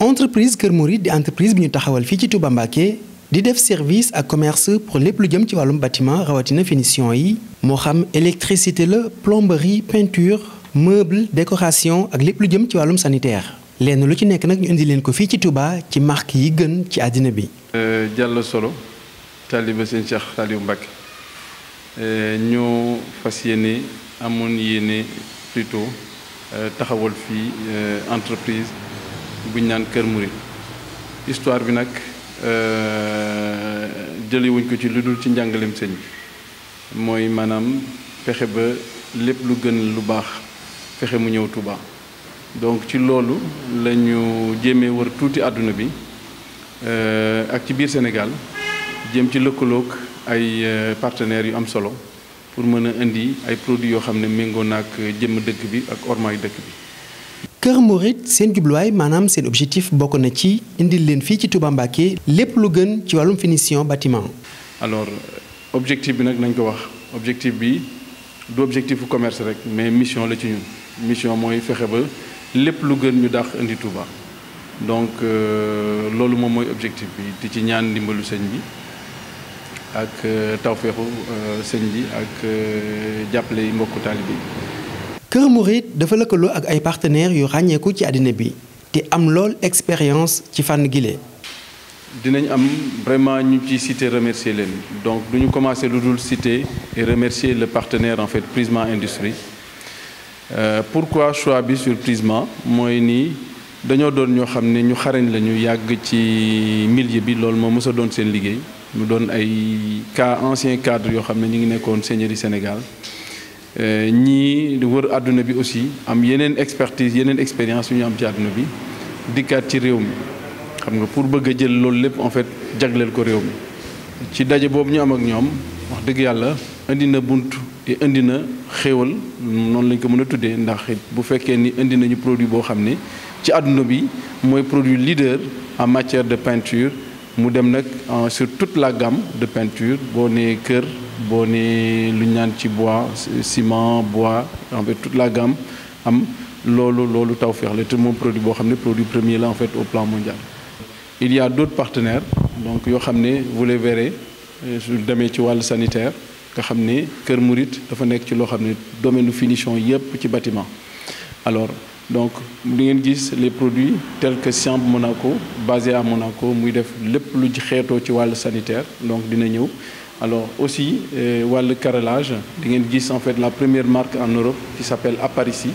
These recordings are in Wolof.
entreprise Kër Mouride di entreprise bi ñu taxawal fii ci Touba Mbacké di def service ak commerce pour lépp lu jëm ci wàllum bâtiment rawatina finition yi moo xam électricité la plomberie peinture meuble décoration ak lépp lu jëm ci wàllum sanitaire lenn lu ci nekk nag ñu indi leen ko fii ci Touba ci marque yi gën ci àddina bi. Jàll euh, solo taaliba sëñ Cheikh Saliou Mbacké euh, ñoo fas yéene amoon yéene plutôt euh, taxawal fii entreprise. buñ naan Kër Mouride histoire bi nag euh, jëlewuñ ko ci lu dul ci njàngalem sëñ bi mooy maanaam fexe ba lépp lu gën lu baax fexe mu ñëw Touba. donc ci loolu lañu ñu war tuuti àdduna bi euh, ak ci biir Sénégal jéem ci lëkkalook ay euh, partenaires yu am solo pour mën a indi ay produits yoo xam ne méngoo naak jëmm dëkk bi ak ormaay dëkk bi. Kër Mouride seen jubluwaay maanaam seen objectif bokk na ci indil leen fii ci Touba Mbacké lépp lu gën ci wàllum finition bâtiment alors objectif bi nag nañ ko wax objectif bi du objectif bu commerce rek mais mission la ci ñun mission mooy fexe ba lépp lu gën ñu dax indi Touba donc euh, loolu moom mooy objectif bi di ci ñaan ndimbalu sëñ bi ak euh, tawféexu euh, sëñ bi ak jàppale yi mbokku taalibe bi Kër Mouride dafa lëkkaloo ak ay partenaires yu ràññeeku ci àddina bi te am lool expérience ci fànn gile. dinañ am vraiment ñu ci citer remercier leen donc du ñu commencer lu dul citer et remercier le partenaire en fait Prisma Industrie euh, pourquoi choix bi sur Prisma mooy nii dañoo doon ñoo xam ne ñu xarañ la ñu yàgg ci milieu bi loolu moo mës doon seen liggéey mu doon ay cas anciens cadres yoo xam ne ñu ngi nekkoon seigneurie Sénégal. Euh, ñii wër àdduna bi aussi am yeneen expertise yeneen expérience yu ñu am ci àdduna bi dikkaat ci réew mi xam nga pour bëgg a jël loolu lépp en fait jagleel ko réew mi ci daje boobu ñu am ak ñoom wax dëgg yàlla indi na bunt te indi na xéewal noonu lañ ko mën a tuddee ndax bu fekkee ni indi nañu produit boo xam ne ci àdduna bi mooy produit leader en matière de peinture mu dem nag sur toute la gamme de peinture boo nee kër boo nee lu ñu naan ci bois ciment bois en fait toute la gamme am loolu loolu Tawfekh la te moom produit boo xam ne produit premier la en fait au plan mondial. il y a d'autres partenaires donc yoo xam ne vous les verrez euh, su demee ci wàll sanitaire nga xam ne Kër Mouride dafa nekk ci loo xam ne domaine finition yépp ci batiment alors. donc li ngeen gis les produits tels que Siam Monaco basé à Monaco muy def lépp lu xeetoo ci wàll sanitaire donc dina ñëw alors aussi euh, wàllu carrelage di ngeen gis en fait la première marque en Europe qui s'appelle Aparici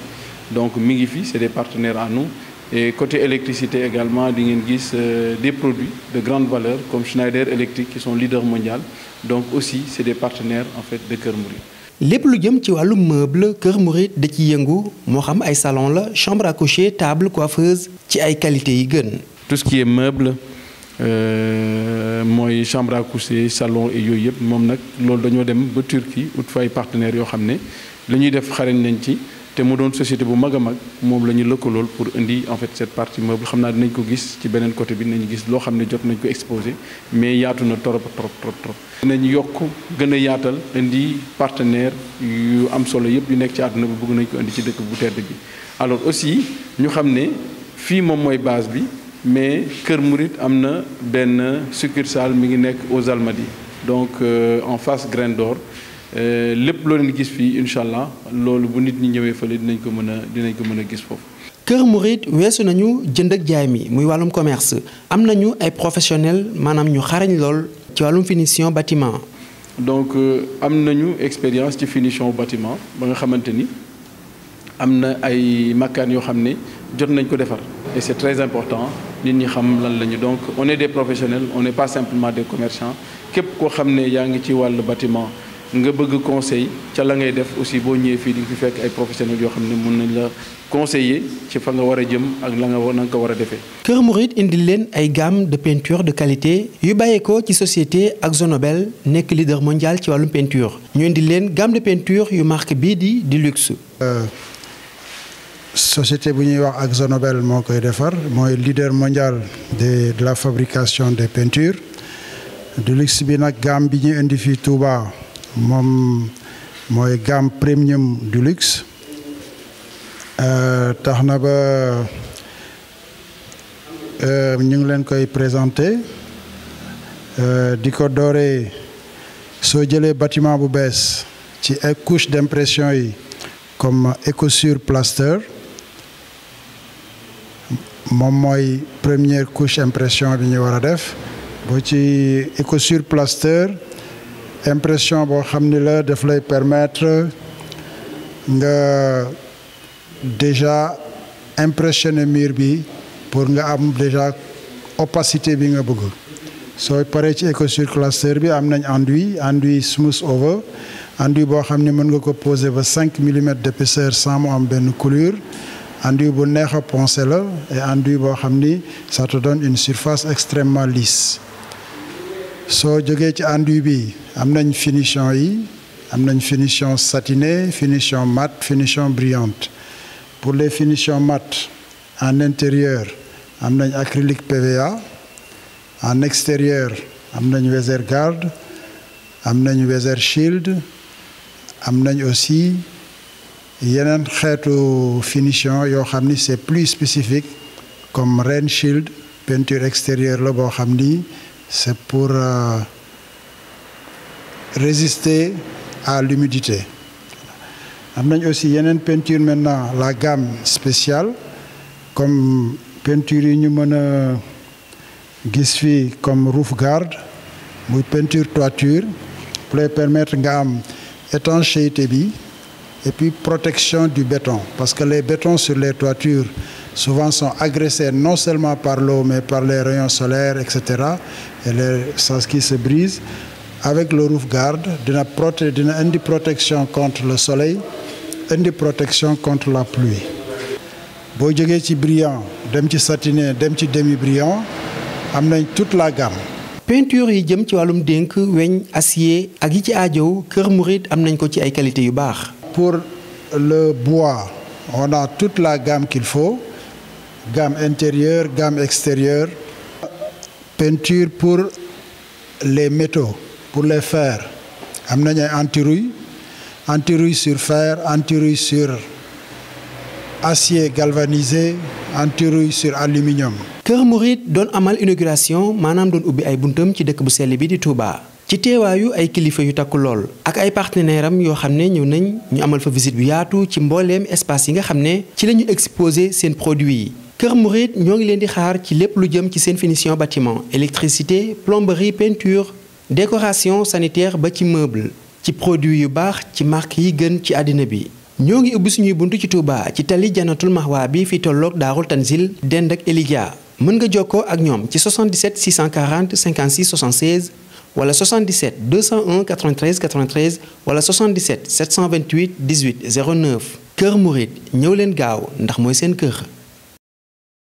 donc mi ngi fi c'est des partenaires à nu et côté électricité également di ngeen gis euh, des produits de grande valeur comme Schneider Electric qui sont leaders mondial donc aussi c'est des partenaires en fait de Kër Mouride lépp lu jëm ci wàllu meuble Kër murit da ci yëngu moo xam ay salon la chambre à coucher table coiffeuse ci ay qualité yi gën tout ce Euh, mooy chambre à coucher salon yooyu yëpp moom nag loolu dañoo dem ba Turquie ut fay partenaires yoo xam ne li ñuy def xarañ nañ ci te mu doon société bu mag a mag moom la ñu lëkkalool pour indi en fait cette partie meuble xam naa dinañ ko gis ci beneen côté bi nañu gis loo xam ne jot nañ ko exposé mais yaatu na trop trop trop trop. dinañ yokk gën a yaatal indi partenaire yu am solo yëpp yu nekk ci àdduna bu bëgg nañ ko indi ci dëkk bu tedd bi alors aussi ñu xam ne fii moom mooy base bi. mais Kër Mouride am na benn succursale mi ngi nekk aux Almadies donc euh, en face Graine d'Or euh, lépp loo leen gis fii incha allah loolu bu nit ñi ñëwee fa dinañ ko mën a dinañ ko mën a gis foofu. Kër Mouride weesu nañu jënd ak jaay mi muy wàllum commerce am na ñu ay professionnels maanaam ñu xarañ lool ci wàllum finition batiment donc euh, am nañu expérience ci finition bâtiment ba nga xamante ni am na ay makaan yoo xam ne jot nañ ko defar et c'est très important. nit ñi xam lan la ñu donc on est des professionnels on n'est pas simplement des commerçants képp koo xam ne yaa ngi ci wàllu bâtiment nga bëgg conseil ca la ngay def aussi boo ñëwee fii di nga fi fekk ay professionnels yoo xam ne mun nañ la conseiller ci fa nga war a jëm ak la nga na nga ko war a defee. Kër Mouride indi leen ay gamme de peinture de qualité yu bàyyeekoo ci société ak Zonobel nekk leader mondial ci wàllum peinture ñu indi leen gamme de peinture yu marque bii di di luxe. Euh, société bu ñuy wax AkzoNobel moo koy defar mooy leader mondial de la fabrication des peintures du luxe bi nag gamme bi ñu indi fii Touba moom mooy gamme premium du luxe euh, tax na ba euh, ñu ngi leen koy présenté euh, di ko dooree soo jëlee bâtiment bu bees ci ay couche d'impression yi comme Ecosur Plaster moom mooy première couche impression bi ñu war a def bu ci écosur plaster impression boo xam ni la def lay permettre nga déjà impressionner mur bi pour nga am déjà opacité bi nga bëgg soo paree ci écosur plaster bi am nañ enduit enduit smooth over enduit boo xam ni mën nga ko poser ba cinq millimètres d'épaisseur sans mu am benn coulure enduit bu neex a poncer la et enduit boo xam ni ça donn donne une surface extrêmement lisse soo jegee ci enduit bi am nañ finition yi am nañ finition satinée finition mat finition brillante pour les finitions mat en intérieur am nañ acrylique PVA en extérieur am nañ Weatherguard am nañ Weather Shield am nañ aussi yeneen xeetu finition yoo xam ni c'est plus spécifique comme rain shield peinture extérieure la boo xam ni c'est pour euh, résister à l'humidité am nañ aussi yeneen peinture maintenant la gamme spéciale comme peinture yi ñu mën a gis fi comme roof guard muy peinture toiture pour permettre nga am étanchéité bi et puis protection du béton, parce que les bétons sur les toitures souvent sont agressés non seulement par l'eau, mais par les rayons solaires, etc. Et les, ça qui se brise. Avec le roof guard, d'une prote protection contre le soleil, indi protection contre la pluie. boo jógee ci brillant dem ci satiné dem ci demi brillant am nañ toute la gamme. peinture yi jëm ci wàllum dénk weñ acier ak yi ci aajow Kër Mouride am nañ ko ci ay qualité yu baax. pour le bois, on a toute la gamme qu'il faut, gamme intérieure, gamme extérieure. Peinture pour les métaux, pour les fers. am nañu ay antirouille antirouille sur fer antirouille sur acier galvanisé antirouille sur aluminium. Kër Mouride doon amal inauguration maanaam doon ubbi ay buntam ci dëkk bu sell bi di Touba. ci teewaayu ay kilifa yu takku lool ak ay partenaires am yoo xam ne ñëw nañ ñu amal fa visite bu yaatu ci mbooleem espace yi nga xam ne ci la exposé seen produit yi Kër Mouride ñoo ngi leen di xaar ci lépp lu jëm ci seen finition bâtiment électricité plomberie peinture décoration sanitaire ba ci meuble ci produit yu baax ci marque yi gën ci àddina bi ñoo ngi ubbi suñuy buntu ci Touba ci tali janatul maxwaa bi fi tolloog daarul tanzil dend ak Eligia mën nga jokkoo ak ñoom ci 77 640 56 76 wala 77 201 93 93 wala 77 728 18 09 Kër Mouride ñëw leen gaaw ndax mooy seen kër.